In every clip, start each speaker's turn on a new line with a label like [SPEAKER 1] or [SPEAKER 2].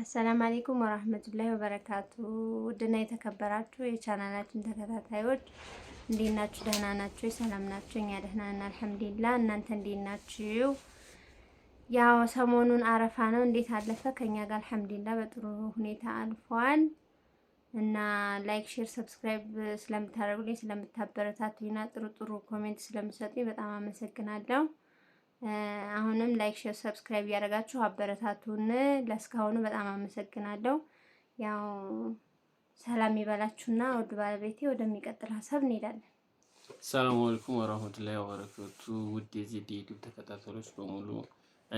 [SPEAKER 1] አሰላም አሌይኩም ወራህመቱላሂ ወበረካቱ። ውድና የተከበራችሁ የቻናላችን ተከታታዮች እንዴት ናችሁ? ደህና ናችሁ? ሰላም ናችሁ? እኛ ደህና ነን አልሐምዱሊላህ። እናንተ እንዴት ናችሁ? ያው ሰሞኑን አረፋ ነው። እንዴት አለፈ? ከኛ ጋር አልሐምዱሊላህ በጥሩ ሁኔታ አልፏል እና ላይክ፣ ሼር፣ ሰብስክራይብ ስለምታደርጉልኝ ስለምታበረታቱኝና ጥሩ ጥሩ ኮሜንት ስለምሰጡኝ በጣም አመሰግናለሁ። አሁንም ላይክ፣ ሼር፣ ሰብስክራይብ እያደረጋችሁ አበረታቱን። ለእስካሁኑ በጣም አመሰግናለሁ። ያው ሰላም ይበላችሁና ውድ ባለቤቴ ወደሚቀጥል ሀሳብ
[SPEAKER 2] እንሄዳለን። ሰላም አለይኩም ወራህመቱላሂ ወበረካቱ። ውድ የዚህ ዩቲዩብ ተከታታዮች በሙሉ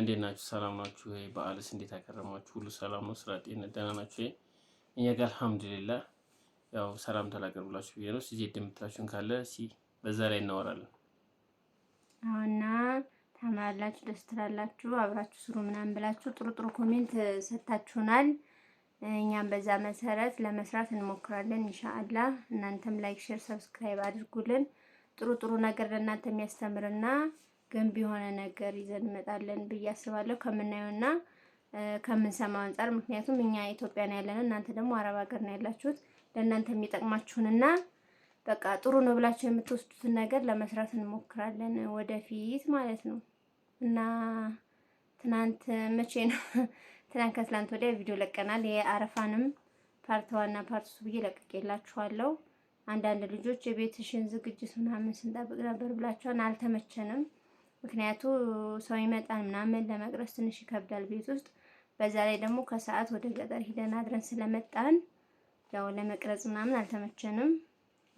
[SPEAKER 2] እንዴት ናችሁ? ሰላም ናችሁ ወይ? በዓልስ እንዴት አከረማችሁ? ሁሉ ሰላም ነው? ስራ፣ ጤና፣ ደህና ናችሁ ወይ? እኛ ጋር አልሐምዱሊላህ። ያው ሰላም ተላቀርብላችሁ ብዬ ነው። ሲዜ ድምታችሁን ካለ ሲ በዛ ላይ እናወራለን
[SPEAKER 1] እና ታማላችሁ፣ ደስ ትላላችሁ፣ አብራችሁ ስሩ ምናምን ብላችሁ ጥሩ ጥሩ ኮሜንት ሰጥታችሁናል። እኛም በዛ መሰረት ለመስራት እንሞክራለን ኢንሻአላ። እናንተም ላይክ፣ ሼር፣ ሰብስክራይብ አድርጉልን። ጥሩ ጥሩ ነገር ለእናንተ የሚያስተምርና ገንቢ የሆነ ነገር ይዘን እንመጣለን ብዬ አስባለሁ ከምናየውና ከምንሰማው አንጻር። ምክንያቱም እኛ ኢትዮጵያ ነው ያለነው፣ እናንተ ደግሞ አረብ ሀገር ነው ያላችሁት። ለእናንተ የሚጠቅማችሁንና በቃ ጥሩ ነው ብላችሁ የምትወስዱትን ነገር ለመስራት እንሞክራለን ወደፊት ማለት ነው። እና ትናንት መቼ ነው ትናንት ከትላንት ወዲያ ቪዲዮ ለቀናል። የአረፋንም ፓርት ዋና ፓርት ሱ ብዬ ለቅቄላችኋለሁ። አንዳንድ ልጆች የቤትሽን ዝግጅት ምናምን ስንጠብቅ ነበር ብላችኋል። አልተመቸንም፣ ምክንያቱ ሰው ይመጣል ምናምን ለመቅረስ ትንሽ ይከብዳል ቤት ውስጥ። በዛ ላይ ደግሞ ከሰዓት ወደ ገጠር ሂደን አድረን ስለመጣን ያው ለመቅረጽ ምናምን አልተመቸንም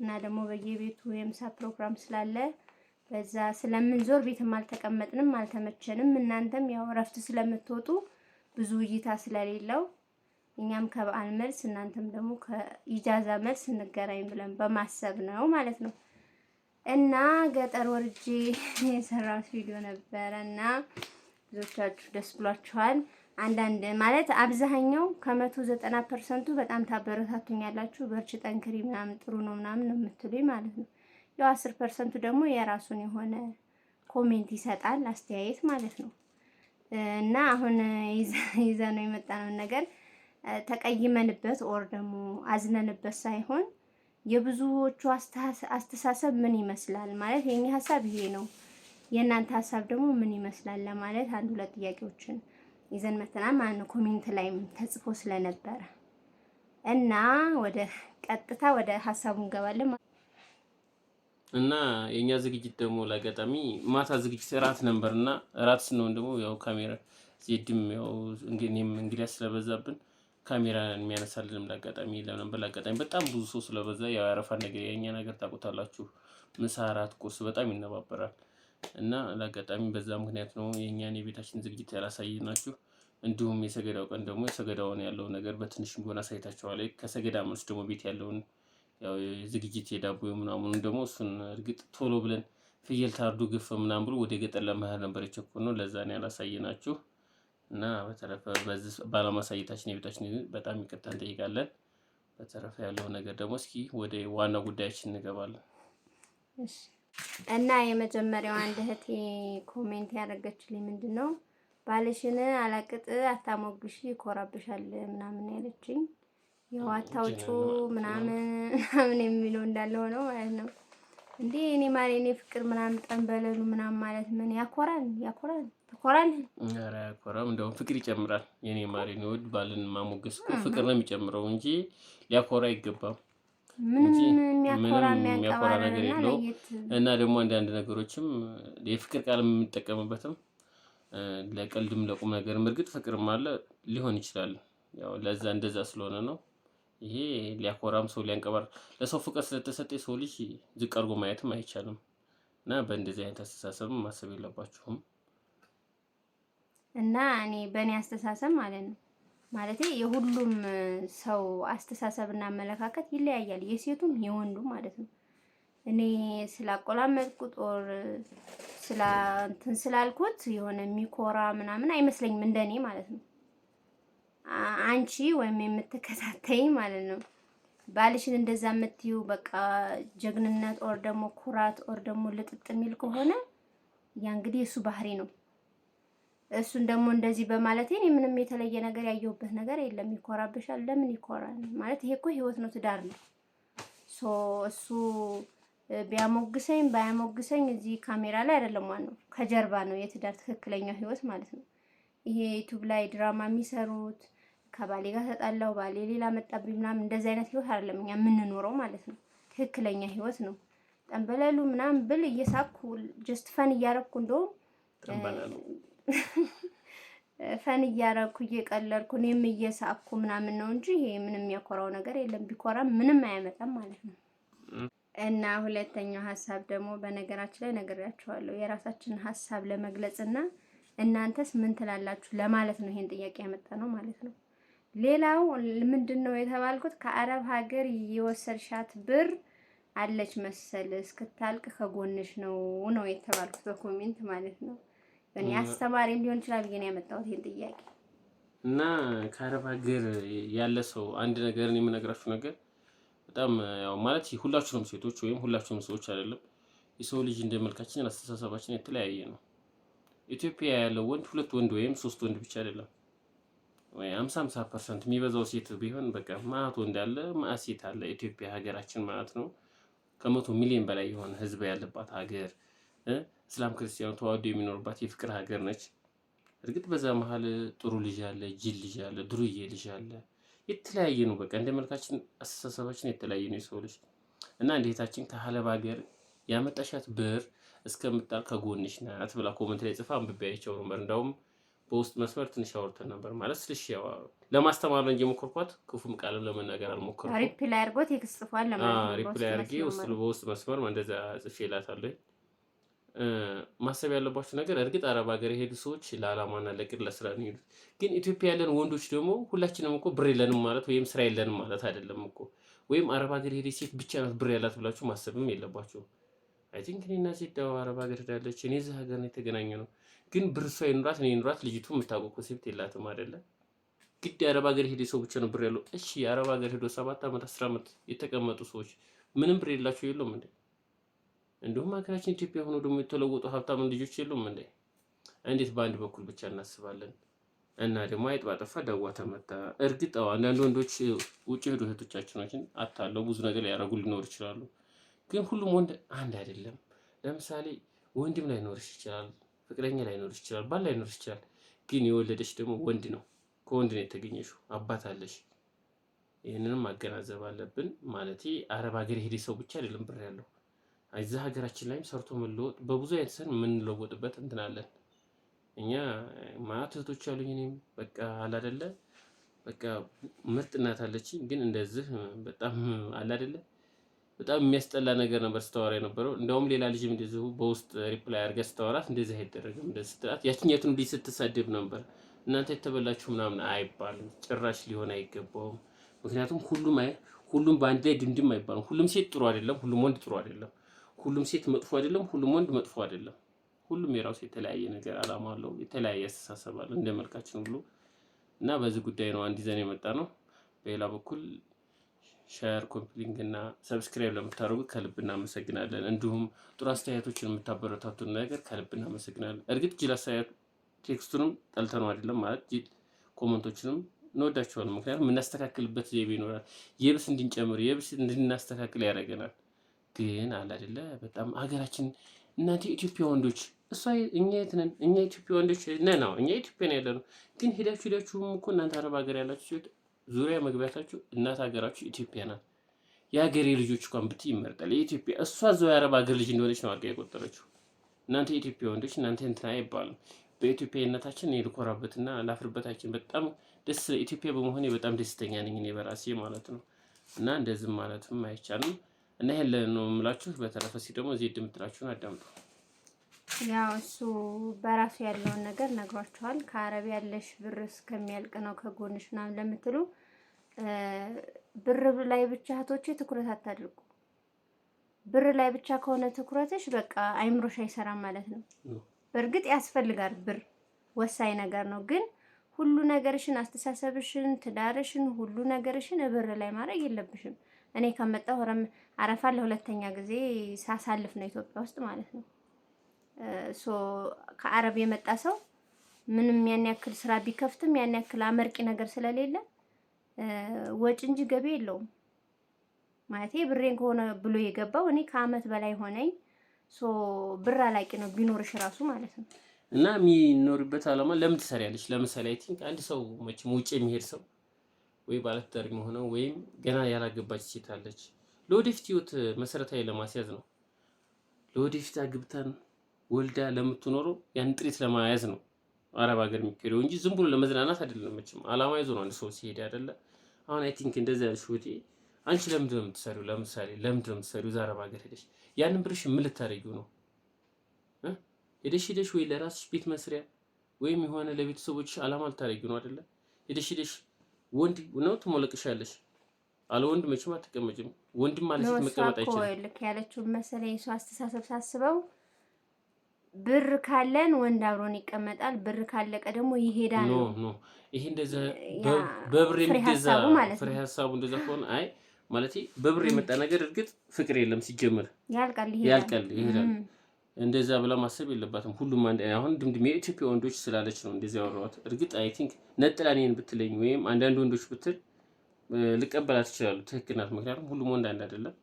[SPEAKER 1] እና ደግሞ በየቤቱ የምሳ ፕሮግራም ስላለ በዛ ስለምንዞር ቤትም አልተቀመጥንም፣ አልተመቸንም። እናንተም ያው እረፍት ስለምትወጡ ብዙ እይታ ስለሌለው እኛም ከበዓል መልስ እናንተም ደግሞ ከኢጃዛ መልስ እንገናኝ ብለን በማሰብ ነው ማለት ነው። እና ገጠር ወርጄ የሰራሁት ቪዲዮ ነበረ እና ብዙዎቻችሁ ደስ ብሏችኋል። አንዳንድ ማለት አብዛኛው ከመቶ ዘጠና ፐርሰንቱ በጣም ታበረታቱኛላችሁ። በርች ጠንክሪ ምናምን ጥሩ ነው ምናምን ነው የምትሉኝ ማለት ነው። ያው አስር ፐርሰንቱ ደግሞ የራሱን የሆነ ኮሜንት ይሰጣል አስተያየት ማለት ነው። እና አሁን ይዘ ነው የመጣነውን ነገር ተቀይመንበት ኦር ደግሞ አዝነንበት ሳይሆን የብዙዎቹ አስተሳሰብ ምን ይመስላል ማለት የኛ ሀሳብ ይሄ ነው፣ የእናንተ ሀሳብ ደግሞ ምን ይመስላል ለማለት አንድ ሁለት ጥያቄዎችን ይዘን መተና ማን ኮሜንት ላይም ተጽፎ ስለነበረ እና ወደ ቀጥታ ወደ ሀሳቡ
[SPEAKER 2] እንገባለን። እና የኛ ዝግጅት ደግሞ ለአጋጣሚ ማታ ዝግጅት እራት ነበር እና እራት ስንሆን ደግሞ ያው ካሜራ ዜድም ያው እንግዲያ ስለበዛብን ካሜራ የሚያነሳልንም ለአጋጣሚ የለም ነበር። ለአጋጣሚ በጣም ብዙ ሰው ስለበዛ ያው ያረፋ ነገር የኛ ነገር ታውቁታላችሁ፣ ምሳ፣ እራት፣ ቁርስ በጣም ይነባበራል እና ለአጋጣሚ በዛ ምክንያት ነው የእኛን የቤታችን ዝግጅት ያላሳየናችሁ። እንዲሁም የሰገዳው ቀን ደግሞ የሰገዳውን ያለው ነገር በትንሽ ቢሆን አሳይታችኋል። ከሰገዳ መልስ ደግሞ ቤት ያለውን ዝግጅት የዳቦ ምናምኑ ደግሞ እሱን እርግጥ ቶሎ ብለን ፍየል ታርዶ ግፍ ምናምን ብሎ ወደ ገጠር ለመሄድ ነበር የቸኮል ነው። ለዛ ነው ያላሳየናችሁ። እና በተረፈ በዚህ ባለማሳየታችን የቤታችን በጣም ይቅርታ እንጠይቃለን። በተረፈ ያለው ነገር ደግሞ እስኪ ወደ ዋና ጉዳያችን እንገባለን።
[SPEAKER 1] እና የመጀመሪያው አንድ እህት ኮሜንት ያደረገችልኝ ምንድን ነው ባልሽን አላቅጥ አታሞግሽ ይኮራብሻል ምናምን ያለችኝ ያው አታውጩ ምናምን ምናምን የሚለው እንዳለ ሆነው ማለት ነው። እንዴ እኔ ማለ እኔ ፍቅር ምናምን ጠንበለሉ ምናምን ማለት ምን ያኮራል? ያኮራል
[SPEAKER 2] ተኮራል። ያኮራም፣ እንደውም ፍቅር ይጨምራል። የኔ ማለ ወድ ባልን ማሞገስ ፍቅር ነው የሚጨምረው እንጂ ሊያኮራ
[SPEAKER 1] አይገባም። ምንም የሚያኮራ ነገር የለው።
[SPEAKER 2] እና ደግሞ አንዳንድ ነገሮችም የፍቅር ቃል የምንጠቀምበትም ለቀልድም ለቁም ነገርም እርግጥ ፍቅርም አለ ሊሆን ይችላል። ያው ለዛ እንደዛ ስለሆነ ነው ይሄ ሊያኮራም ሰው ሊያንቀባር ለሰው ፍቅር ስለተሰጠ ሰው ልጅ ዝቅ አድርጎ ማየትም አይቻልም እና በእንደዚህ አይነት አስተሳሰብ ማሰብ
[SPEAKER 1] የለባችሁም። እና እኔ በእኔ አስተሳሰብ ማለት ነው ማለት የሁሉም ሰው አስተሳሰብ እና አመለካከት ይለያያል፣ የሴቱም የወንዱም ማለት ነው። እኔ ስላቆላመጥኩት ጦር ስላ ስላልኩት የሆነ የሚኮራ ምናምን አይመስለኝም እንደኔ ማለት ነው። አንቺ ወይም የምትከታተይ ማለት ነው ባልሽን እንደዛ የምትዩ በቃ ጀግንነት ኦር ደግሞ ኩራት ኦር ደግሞ ልጥጥ የሚል ከሆነ ያ እንግዲህ እሱ ባህሪ ነው። እሱን ደግሞ እንደዚህ በማለት እኔ ምንም የተለየ ነገር ያየሁበት ነገር የለም። ይኮራብሻል። ለምን ይኮራል? ማለት ይሄ እኮ ህይወት ነው፣ ትዳር ነው። ሶ እሱ ቢያሞግሰኝ ባያሞግሰኝ እዚህ ካሜራ ላይ አይደለም ዋናው፣ ከጀርባ ነው የትዳር ትክክለኛው ህይወት ማለት ነው። ይሄ ዩቱብ ላይ ድራማ የሚሰሩት ከባሌ ጋር ተጣላው፣ ባሌ ሌላ መጣብኝ ምናምን፣ እንደዚህ አይነት ህይወት አይደለም እኛ የምንኖረው ማለት ነው። ትክክለኛ ህይወት ነው። ጠንበለሉ ምናምን ብል እየሳኩ ጀስት ፈን እያረኩ እንደውም ፈን እያረኩ እየቀለድኩ እኔም እየሳኩ ምናምን ነው እንጂ ይሄ ምንም የሚያኮራው ነገር የለም። ቢኮራም ምንም አያመጣም ማለት ነው። እና ሁለተኛው ሀሳብ ደግሞ በነገራችን ላይ ነግሬያችኋለሁ፣ የራሳችንን ሀሳብ ለመግለጽ እና እናንተስ ምን ትላላችሁ ለማለት ነው። ይሄን ጥያቄ ያመጣ ነው ማለት ነው። ሌላው ምንድን ነው የተባልኩት? ከአረብ ሀገር የወሰድሻት ብር አለች መሰል እስክታልቅ ከጎንሽ ነው ነው የተባልኩት በኮሜንት ማለት ነው። እኔ አስተማሪም ሊሆን ይችላል ብዬ ነው ያመጣሁት ይሄን
[SPEAKER 2] ጥያቄ እና ከአረብ ሀገር ያለ ሰው አንድ ነገር እኔ የምነግራችሁ ነገር በጣም ያው ማለት ሁላችሁንም ሴቶች ወይም ሁላችሁንም ሰዎች አይደለም የሰው ልጅ እንደ መልካችን አስተሳሰባችን የተለያየ ነው። ኢትዮጵያ ያለው ወንድ ሁለት ወንድ ወይም ሶስት ወንድ ብቻ አይደለም ወይ 50 50 ፐርሰንት የሚበዛው ሴት ቢሆን በቃ ማአቱ እንዳለ ማአት አለ ኢትዮጵያ ሀገራችን ማለት ነው። ከመቶ ሚሊዮን በላይ የሆነ ህዝብ ያለባት ሀገር እስላም ክርስቲያኑ ተዋዶ የሚኖርባት የፍቅር ሀገር ነች። እርግጥ በዛ መሀል ጥሩ ልጅ አለ፣ ጅል ልጅ አለ፣ ዱርዬ ልጅ አለ። የተለያየ ነው። በቃ እንደ መልካችን አስተሳሰባችን የተለያየ ነው የሰው ልጅ እና እንዴታችን ከሀለብ ሀገር ያመጣሻት ብር እስከምጣል ከጎንሽ ናት ብላ ኮመንት ላይ ጽፋ አንብቤያቸው ነበር እንዳውም በውስጥ መስመር ትንሽ አውርተን ነበር ማለት ስልሽ ለማስተማር ነው እንጂ የሞከርኳት ክፉም ቃልም ለመናገር አልሞከርኩም።
[SPEAKER 1] ሪፕላይ አድርጎ ቴክስት ጽፏል
[SPEAKER 2] ለማለት ሪፕላይ አድርጌ ውስጥ በውስጥ መስመር እንደዛ ጽፌላታለሁ። ማሰብ ያለባችሁ ነገር እርግጥ አረብ ሀገር የሄዱ ሰዎች ለዓላማና ለቅድ ለስራ ነው የሚሄዱት። ግን ኢትዮጵያ ያለን ወንዶች ደግሞ ሁላችንም እኮ ብር የለንም ማለት ወይም ስራ የለንም ማለት አይደለም እኮ ወይም አረብ ሀገር የሄደ ሴት ብቻ ናት ብር ያላት ብላችሁ ማሰብም የለባችሁም። አይ ቲንክ እኔና ሴት ደቡብ አረብ ሀገር ሄዳለች። እኔ እዚህ ሀገር ነው የተገናኘ ነው። ግን ብር እሷ ይኑራት እኔ ይኑራት ልጅቱ የምታውቀው ኮንሴፕት የላትም አይደለ? ግድ የአረብ ሀገር ሄደ ሰው ብቻ ነው ብር ያለው። እሺ የአረብ ሀገር ሄዶ ሰባት ዓመት አስር ዓመት የተቀመጡ ሰዎች ምንም ብር የላቸው የለውም እንዴ? እንዲሁም ሀገራችን ኢትዮጵያ ሆኖ ደግሞ የተለወጡ ሀብታም ልጆች የሉም እንዴ? እንዴት በአንድ በኩል ብቻ እናስባለን? እና ደግሞ አይጥ ባጠፋ ዳዋ ተመታ። እርግጠው አንዳንድ ወንዶች ውጭ ሄዶ እህቶቻችንን አታለው ብዙ ነገር ያደረጉ ሊኖር ይችላሉ። ግን ሁሉም ወንድ አንድ አይደለም። ለምሳሌ ወንድም ላይኖርሽ ይችላል፣ ፍቅረኛ ላይኖርሽ ይችላል፣ ባል ላይኖርሽ ይችላል። ግን የወለደሽ ደግሞ ወንድ ነው። ከወንድ ነው የተገኘሽው፣ አባት አለሽ። ይህንንም ማገናዘብ አለብን። ማለት አረብ ሀገር የሄደ ሰው ብቻ አይደለም ብር ያለው እዛ ሀገራችን ላይም ሰርቶ መለወጥ በብዙ አይነት ሰን የምንለወጥበት እንትናለን። እኛ ማለት እህቶች ያሉኝ እኔም በቃ አላደለ በቃ ምርጥ እናት አለችኝ። ግን እንደዚህ በጣም አላደለ በጣም የሚያስጠላ ነገር ነበር ስታወራ የነበረው። እንደውም ሌላ ልጅም እንደዚሁ በውስጥ ሪፕላይ አድርጋ ስታወራት እንደዚህ አይደረግም እንደዚህ ስትላት ያችኛቱን ልጅ ስትሳደብ ነበር። እናንተ የተበላችሁ ምናምን አይባልም፣ ጭራሽ ሊሆን አይገባውም። ምክንያቱም ሁሉም አይ ሁሉም በአንድ ላይ ድምድም አይባልም። ሁሉም ሴት ጥሩ አይደለም፣ ሁሉም ወንድ ጥሩ አይደለም፣ ሁሉም ሴት መጥፎ አይደለም፣ ሁሉም ወንድ መጥፎ አይደለም። ሁሉም የራሱ የተለያየ ነገር አላማ አለው፣ የተለያየ አስተሳሰብ አለው፣ እንደ መልካችን ሁሉ እና በዚህ ጉዳይ ነው አንድ ይዘን የመጣ ነው። በሌላ በኩል ሸር፣ ኮፒሊንግ እና ሰብስክራይብ ለምታደርጉ ከልብ እናመሰግናለን። እንዲሁም ጥሩ አስተያየቶችን የምታበረታቱን ነገር ከልብ እናመሰግናለን። እርግጥ ጅል አስተያየት ቴክስቱንም ጠልተነው አይደለም ማለት ጅል ኮመንቶችንም እንወዳቸዋለን። ምክንያቱም የምናስተካክልበት ዘይቤ ይኖራል። የብስ እንድንጨምር የብስ እንድናስተካክል ያደርገናል። ግን አለ አይደለ በጣም ሀገራችን እናንተ ኢትዮጵያ ወንዶች እሷ እኛ የት ነን? እኛ ኢትዮጵያ ወንዶች ነን። እኛ ኢትዮጵያ ነው ያለነው። ግን ሄዳችሁ ሄዳችሁም እኮ እናንተ አረብ ሀገር ያላችሁ ዙሪያ መግቢያታችሁ እናት ሀገራችሁ ኢትዮጵያ ናት። የሀገሬ ልጆች እንኳን ብትይ ይመርጣል። የኢትዮጵያ እሷ እዛው የአረብ ሀገር ልጅ እንደሆነች ነው አድርጋ የቆጠረችው። እናንተ የኢትዮጵያ ወንዶች እናንተ እንትና አይባሉም። በኢትዮጵያዊነታችን ልኮራበትና ላፍርበታችን በጣም ደስ ኢትዮጵያ በመሆኔ በጣም ደስተኛ ነኝ እኔ በራሴ ማለት ነው። እና እንደዚህ ማለትም አይቻልም እና ይሄን ነው የምላችሁ። በተረፈ ደግሞ እዚህ ድምጥላችሁን አዳምጡ።
[SPEAKER 1] ያው እሱ በራሱ ያለውን ነገር ነግሯቸዋል ከአረብ ያለሽ ብር እስከሚያልቅ ነው ከጎንሽ ምናምን ለምትሉ ብር ላይ ብቻ እህቶቼ ትኩረት አታድርጉ። ብር ላይ ብቻ ከሆነ ትኩረትሽ በቃ አይምሮሽ አይሰራም ማለት ነው። በእርግጥ ያስፈልጋል ብር ወሳኝ ነገር ነው፣ ግን ሁሉ ነገርሽን፣ አስተሳሰብሽን፣ ትዳርሽን፣ ሁሉ ነገርሽን ብር ላይ ማድረግ የለብሽም። እኔ ከመጣሁ አረፋ ለሁለተኛ ጊዜ ሳሳልፍ ነው ኢትዮጵያ ውስጥ ማለት ነው። ከአረብ የመጣ ሰው ምንም ያን ያክል ስራ ቢከፍትም ያን ያክል አመርቂ ነገር ስለሌለ ወጭ እንጂ ገቢ የለውም። ማለት ብሬን ከሆነ ብሎ የገባው እኔ ከአመት በላይ ሆነኝ። ሶ ብር አላቂ ነው ቢኖርሽ ራሱ ማለት ነው።
[SPEAKER 2] እና የሚኖርበት አላማ ለምን ትሰሪያለሽ? ለምሳሌ አይ ቲንክ አንድ ሰው መቼም ውጭ የሚሄድ ሰው ወይ ባለትዳር የሆነው ወይም ገና ያላገባች ሴት አለች ለወደፊት ህይወት መሰረታዊ ለማስያዝ ነው። ለወደፊት አግብተን ወልዳ ለምትኖረው ያን ጥሪት ለማያዝ ነው አረብ ሀገር የሚካሄደው እንጂ ዝም ብሎ ለመዝናናት አይደለም። መቼም አላማ ይዞ ነው አንድ ሰው ሲሄድ አይደለ። አሁን አይ ቲንክ እንደዚህ ያልሽ ወቴ አንቺ ለምንድን ነው የምትሰሪው? ለምሳሌ ለምንድን ነው የምትሰሪው? እዛ አረብ ሀገር ሄደሽ ያንን ብርሽ ምን ልታደርጊው ነው? ሄደሽ ሄደሽ ወይ ለራስሽ ቤት መስሪያ ወይም የሆነ ለቤተሰቦች አላማ ልታደርጊው ነው አይደለ? ሄደሽ ሄደሽ ወንድ ነው ትሞለቅሻለሽ። አለ ወንድ መቼም አትቀመጭም። ወንድም
[SPEAKER 1] ማለት መቀመጥ አይችልም። ልክ ያለችው መሰለኝ የሰው አስተሳሰብ ሳስበው ብር ካለን ወንድ አብሮን ይቀመጣል። ብር ካለቀ
[SPEAKER 2] ደግሞ ይሄዳል። ኖ ኖ ይሄ እንደዛ በብር የሚገዛ ፍሬ ሀሳቡ እንደዛ ከሆነ አይ ማለት በብር የመጣ ነገር እርግጥ ፍቅር
[SPEAKER 1] የለም ሲጀምር
[SPEAKER 2] ያልቃል፣ ይሄዳል፣ እንደዛ ብላ ማሰብ የለባትም ሁሉም አንድ። አሁን ድምድሜ የኢትዮጵያ ወንዶች ስላለች ነው እንደዚህ ያወራኋት። እርግጥ አይ ቲንክ ነጥላ እኔን ብትለኝ ወይም አንዳንድ ወንዶች ብትል ልቀበላት ይችላሉ። ትክክል ናት። ምክንያቱም ሁሉም ወንድ አንድ አይደለም፣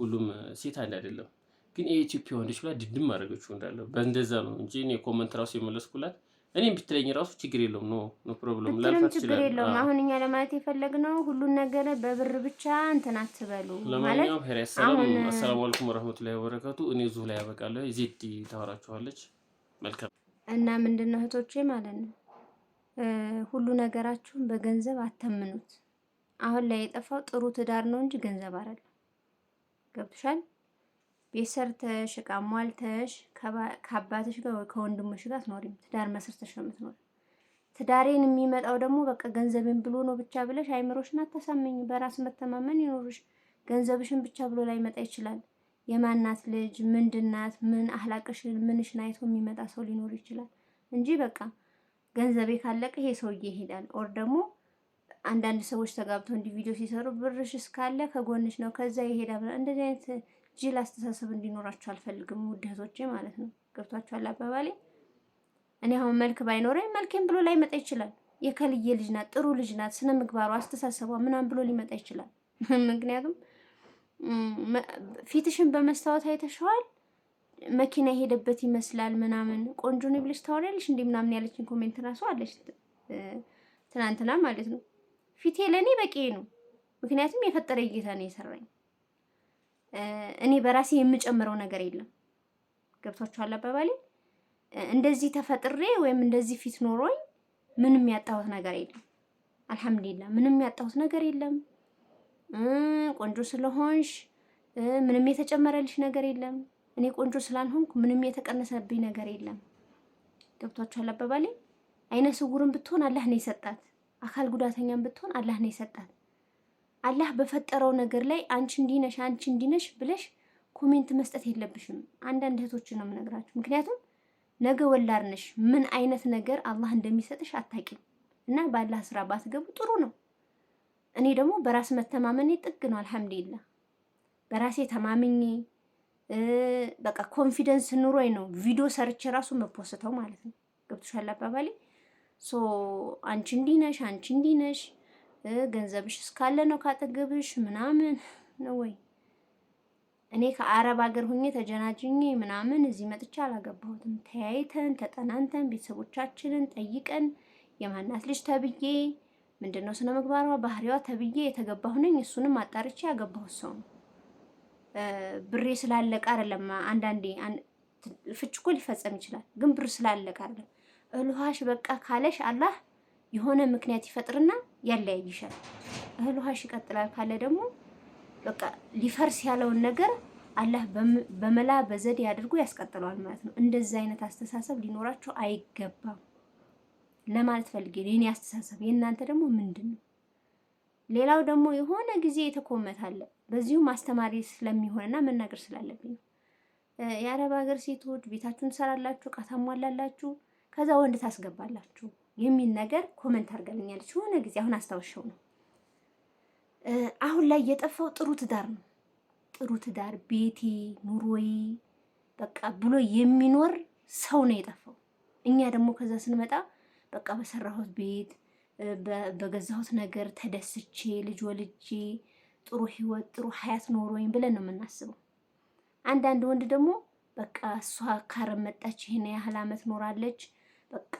[SPEAKER 2] ሁሉም ሴት አንድ አይደለም። ግን የኢትዮጵያ ወንዶች ብላ ድድም አደረገችው እንዳለ በእንደዛ ነው እንጂ እኔ ኮመንት ራሱ የመለስኩላት እኔም ብትለኝ ራሱ ችግር የለውም ኖ
[SPEAKER 1] ኖ ፕሮብለም ላልፋት ችግር የለውም። አሁን እኛ ለማለት የፈለግነው ሁሉን ነገር በብር ብቻ እንትን
[SPEAKER 2] አትበሉ። ለማንኛውም ሄር ያሰላም አሰላሙ አለይኩም ወረህመቱላሂ ወበረካቱ። እኔ እዚሁ ላይ ያበቃለሁ። ዜድ ታወራችኋለች። መልካም
[SPEAKER 1] እና ምንድን ነው እህቶቼ ማለት ነው ሁሉ ነገራችሁን በገንዘብ አተምኑት። አሁን ላይ የጠፋው ጥሩ ትዳር ነው እንጂ ገንዘብ አይደለም። ገብቶሻል? ቤት ሰርተሽ እቃ ሟልተሽ ከአባትሽ ጋር ወይ ከወንድሞሽ ጋር ትኖሪ፣ ትዳር መስርተሽ ነው የምትኖሪ። ትዳሬን የሚመጣው ደግሞ በቃ ገንዘብን ብሎ ነው ብቻ ብለሽ አይምሮሽን አታሳመኝ። በራስ መተማመን ይኖርሽ። ገንዘብሽን ብቻ ብሎ ላይመጣ ይችላል። የማናት ልጅ ምንድናት ምን አህላቅሽን ምንሽን አይቶ የሚመጣ ሰው ሊኖር ይችላል እንጂ በቃ ገንዘቤ ካለቀ ይሄ ሰውዬ ይሄዳል። ኦር ደግሞ አንዳንድ ሰዎች ተጋብተው እንዲህ ቪዲዮ ሲሰሩ ብርሽ እስካለ ከጎንሽ ነው ከዛ ይሄዳል። እንደዚህ አይነት ጅል አስተሳሰብ እንዲኖራቸው አልፈልግም፣ ውድ እህቶቼ ማለት ነው። ገብቷችኋል አባባሌ? እኔ አሁን መልክ ባይኖረኝ መልኬም ብሎ ላይመጣ ይችላል። የከልዬ ልጅ ናት፣ ጥሩ ልጅ ናት፣ ስነ ምግባሯ፣ አስተሳሰቧ ምናምን ብሎ ሊመጣ ይችላል። ምክንያቱም ፊትሽን በመስታወት አይተሸዋል፣ መኪና የሄደበት ይመስላል ምናምን። ቆንጆ ነው ብለሽ ታወሪያለሽ እንዴ ምናምን ያለችን ኮሜንት ራሱ አለች ትናንትና ማለት ነው። ፊቴ ለእኔ በቂ ነው፣ ምክንያቱም የፈጠረ ጌታ ነው የሰራኝ እኔ በራሴ የምጨምረው ነገር የለም። ገብቷችኋል አባባሌ? እንደዚህ ተፈጥሬ ወይም እንደዚህ ፊት ኖሮኝ ምንም ያጣሁት ነገር የለም። አልሐምዱሊላ ምንም ያጣሁት ነገር የለም። ቆንጆ ስለሆንሽ ምንም የተጨመረልሽ ነገር የለም። እኔ ቆንጆ ስላልሆንኩ ምንም የተቀነሰብኝ ነገር የለም። ገብቷችኋል አባባሌ? አይነ ስውርም ብትሆን አላህ ነው የሰጣት። አካል ጉዳተኛም ብትሆን አላህ ነው የሰጣት። አላህ በፈጠረው ነገር ላይ አንቺ እንዲነሽ አንቺ እንዲነሽ ብለሽ ኮሜንት መስጠት የለብሽም። አንዳንድ እህቶችን ነው የምነግራችሁ። ምክንያቱም ነገ ወላድ ነሽ፣ ምን አይነት ነገር አላህ እንደሚሰጥሽ አታቂም እና በአላህ ስራ ባትገቡ ጥሩ ነው። እኔ ደግሞ በራስ መተማመኔ ጥግ ነው። አልሐምዱሊላ በራሴ ተማምኜ በቃ ኮንፊደንስ ኑሮኝ ነው ቪዲዮ ሰርቼ ራሱ መፖስተው ማለት ነው። ገብቶሻል አባባሌ? ሶ አንቺ እንዲነሽ አንቺ እንዲነሽ ገንዘብሽ እስካለ ነው ካጠገብሽ ምናምን ነው ወይ? እኔ ከአረብ ሀገር ሁኜ ተጀናጅኜ ምናምን እዚህ መጥቻ አላገባሁትም። ተያይተን ተጠናንተን ቤተሰቦቻችንን ጠይቀን የማናት ልጅ ተብዬ ምንድነው ስነ ምግባሯ ባህሪዋ ተብዬ የተገባሁ ነኝ። እሱንም አጣርቼ ያገባሁት ሰው ነው። ብሬ ስላለቀ አይደለም። አንዳንዴ ፍች እኮ ሊፈጸም ይችላል፣ ግን ብር ስላለቀ አይደለም። እልሃሽ በቃ ካለሽ አላህ የሆነ ምክንያት ይፈጥርና ያለያይሻል። እህል ውሃሽ ይቀጥላል ካለ ደግሞ በቃ ሊፈርስ ያለውን ነገር አላህ በመላ በዘዴ አድርጎ ያስቀጥለዋል ማለት ነው። እንደዚህ አይነት አስተሳሰብ ሊኖራቸው አይገባም ለማለት ፈልጌ የኔ አስተሳሰብ። የእናንተ ደግሞ ምንድን ነው? ሌላው ደግሞ የሆነ ጊዜ የተኮመት አለ። በዚሁም አስተማሪ ስለሚሆንና መናገር ስላለብኝ የአረብ ሀገር ሴቶች ቤታችሁን ትሰራላችሁ፣ ቃታሟላላችሁ ታሟላላችሁ፣ ከዛ ወንድ ታስገባላችሁ የሚል ነገር ኮመንት አድርጋልኛለች የሆነ ጊዜ። አሁን አስታውሻው ነው። አሁን ላይ የጠፋው ጥሩ ትዳር ነው። ጥሩ ትዳር፣ ቤቴ፣ ኑሮዬ በቃ ብሎ የሚኖር ሰው ነው የጠፋው። እኛ ደግሞ ከዛ ስንመጣ በቃ በሰራሁት ቤት በገዛሁት ነገር ተደስቼ ልጅ ወልጄ ጥሩ ህይወት ጥሩ ሀያት ኖሮኝ ብለን ነው የምናስበው። አንዳንድ ወንድ ደግሞ በቃ እሷ ካረመጣች ይሄን ያህል አመት ኖራለች በቃ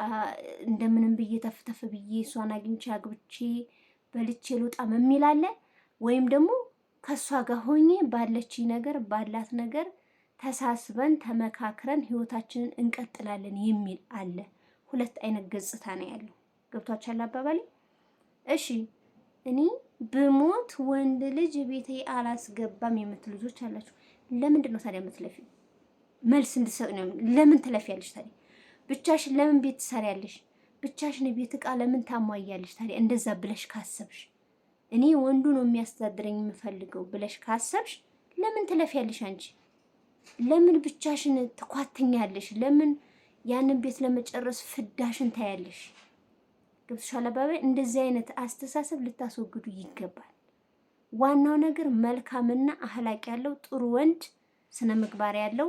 [SPEAKER 1] እንደምንም ብዬ ተፍተፍ ብዬ እሷን አግኝቼ አግብቼ በልቼ ልውጣም የሚል አለ። ወይም ደግሞ ከእሷ ጋር ሆኜ ባለች ነገር ባላት ነገር ተሳስበን ተመካክረን ህይወታችንን እንቀጥላለን የሚል አለ። ሁለት አይነት ገጽታ ነው ያለው። ገብቷችኋል አባባሌ? እሺ እኔ ብሞት ወንድ ልጅ ቤቴ አላስገባም የምትል ልጆች አላችሁ። ለምንድን ነው ታዲያ የምትለፊው? መልስ እንድሰጥ ነው። ለምን ያለች ታዲያ? ብቻሽን ለምን ቤት ትሰሪያለሽ? ብቻሽን ቤት እቃ ለምን ታሟያለሽ? ታዲያ እንደዛ ብለሽ ካሰብሽ እኔ ወንዱ ነው የሚያስተዳድረኝ የምፈልገው ብለሽ ካሰብሽ ለምን ትለፊያለሽ? አንቺ ለምን ብቻሽን ትኳትኛለሽ? ለምን ያንን ቤት ለመጨረስ ፍዳሽን ታያለሽ? ገብቶሻል አባቤ? እንደዚህ አይነት አስተሳሰብ ልታስወግዱ ይገባል። ዋናው ነገር መልካምና አህላቅ ያለው ጥሩ ወንድ ስነ ምግባር ያለው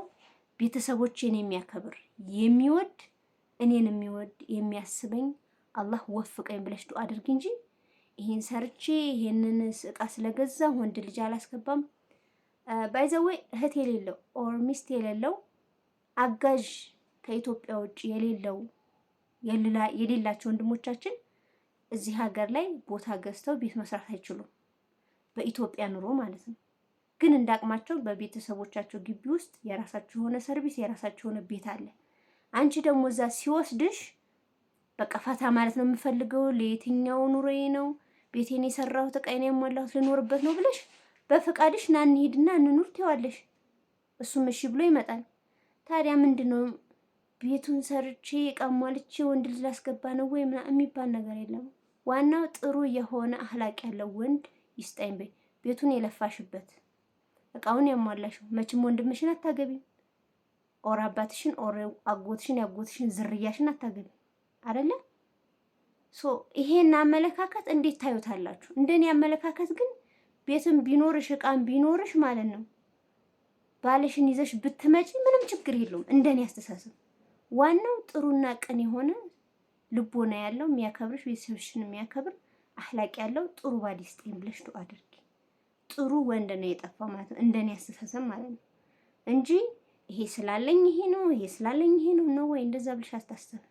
[SPEAKER 1] ቤተሰቦቼን የሚያከብር የሚወድ እኔን የሚወድ የሚያስበኝ አላህ ወፍቀኝ ብለሽ ዱዓ አድርጊ እንጂ ይሄን ሰርቼ ይሄንን እቃ ስለገዛ ወንድ ልጅ አላስገባም። ባይዘዌ እህት የሌለው ኦር ሚስት የሌለው አጋዥ ከኢትዮጵያ ውጭ የሌለው የሌላቸው ወንድሞቻችን እዚህ ሀገር ላይ ቦታ ገዝተው ቤት መስራት አይችሉም። በኢትዮጵያ ኑሮ ማለት ነው። ግን አቅማቸው በቤተሰቦቻቸው ግቢ ውስጥ የራሳቸው የሆነ ሰርቪስ የራሳቸው የሆነ ቤት አለ። አንቺ ደግሞ እዛ ሲወስድሽ በቃ ፈታ ማለት ነው የምፈልገው፣ ለየትኛው ኑሮዬ ነው ቤቴን የሰራሁት ዕቃዬን ያሟላሁት ልኖርበት ነው ብለሽ በፈቃድሽ ና እንሂድና እንኑር ትይዋለሽ። እሱም እሺ ብሎ ይመጣል። ታዲያ ምንድን ነው ቤቱን ሰርቼ ዕቃ ሟልቼ ወንድ ልጅ ላስገባ ነው ወይ ምናምን የሚባል ነገር የለም። ዋናው ጥሩ የሆነ አህላቅ ያለው ወንድ ይስጠኝ በይ ቤቱን የለፋሽበት እቃውን ያሟላሽው መቼም ወንድምሽን አታገቢም። ኦር አባትሽን ኦር አጎትሽን ያጎትሽን ዝርያሽን አታገቢም አይደለ? ሶ ይሄን አመለካከት እንዴት ታዩታላችሁ? እንደኔ አመለካከት ግን ቤትም ቢኖርሽ እቃም ቢኖርሽ ማለት ነው ባለሽን ይዘሽ ብትመጪ ምንም ችግር የለውም። እንደኔ አስተሳሰብ ዋናው ጥሩና ቅን የሆነ ልቦና ያለው የሚያከብርሽ ቤተሰብሽን የሚያከብር አህላቅ ያለው ጥሩ ባል ይስጠኝ ብለሽ ዱአ አድርጊ። ጥሩ ወንድ ነው የጠፋው ማለት ነው፣ እንደኔ አስተሳሰብ ማለት ነው እንጂ ይሄ ስላለኝ ይሄ ነው ይሄ ስላለኝ ይሄ ነው ነው ወይ እንደዛ ብለሽ አታስብ።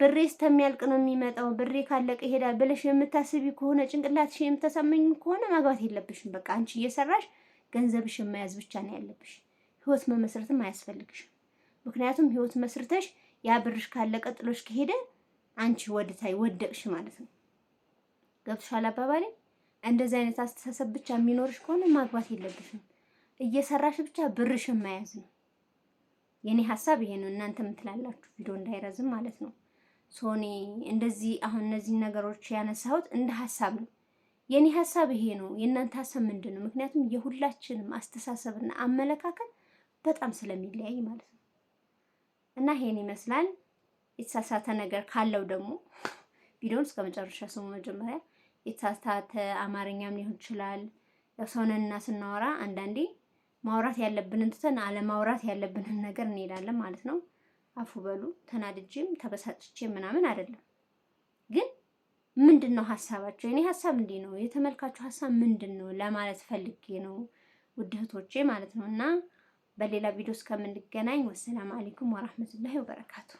[SPEAKER 1] ብሬ እስከሚያልቅ ነው የሚመጣው፣ ብሬ ካለቀ ይሄዳል ብለሽ የምታስቢ ከሆነ ጭንቅላትሽ የምታሳመኝ ከሆነ ማግባት የለብሽም። በቃ አንቺ እየሰራሽ ገንዘብሽ የማያዝ ብቻ ነው ያለብሽ። ህይወት መመስረትም አያስፈልግሽም። ምክንያቱም ህይወት መስርተሽ ያ ብርሽ ካለቀ ጥሎሽ ከሄደ አንቺ ወድታይ ወደቅሽ ማለት ነው። ገብቶሻል አባባሌ? እንደዚህ አይነት አስተሳሰብ ብቻ የሚኖርሽ ከሆነ ማግባት የለብሽም። እየሰራሽ ብቻ ብርሽን መያዝ ነው። የኔ ሀሳብ ይሄ ነው። እናንተ ምትላላችሁ ቪዲዮ እንዳይረዝም ማለት ነው። ሶኒ እንደዚህ አሁን እነዚህ ነገሮች ያነሳሁት እንደ ሀሳብ ነው። የኔ ሀሳብ ይሄ ነው። የእናንተ ሀሳብ ምንድን ነው? ምክንያቱም የሁላችንም አስተሳሰብና አመለካከት በጣም ስለሚለያይ ማለት ነው። እና ይሄን ይመስላል። የተሳሳተ ነገር ካለው ደግሞ ቪዲዮን እስከ መጨረሻ ስሙ መጀመሪያ የተሳሳተ አማርኛም ሊሆን ይችላል። ሰውነንና ስናወራ አንዳንዴ ማውራት ያለብንን ትተን አለማውራት ያለብንን ነገር እንሄዳለን ማለት ነው። አፉ በሉ ተናድጄም ተበሳጭቼ ምናምን አይደለም። ግን ምንድን ነው ሀሳባቸው? የኔ ሀሳብ እንዲህ ነው፣ የተመልካቹ ሀሳብ ምንድን ነው ለማለት ፈልጌ ነው ውድ እህቶቼ ማለት ነው። እና በሌላ ቪዲዮ እስከምንገናኝ ወሰላም አሌይኩም ወራህመቱላሂ ወበረካቱ።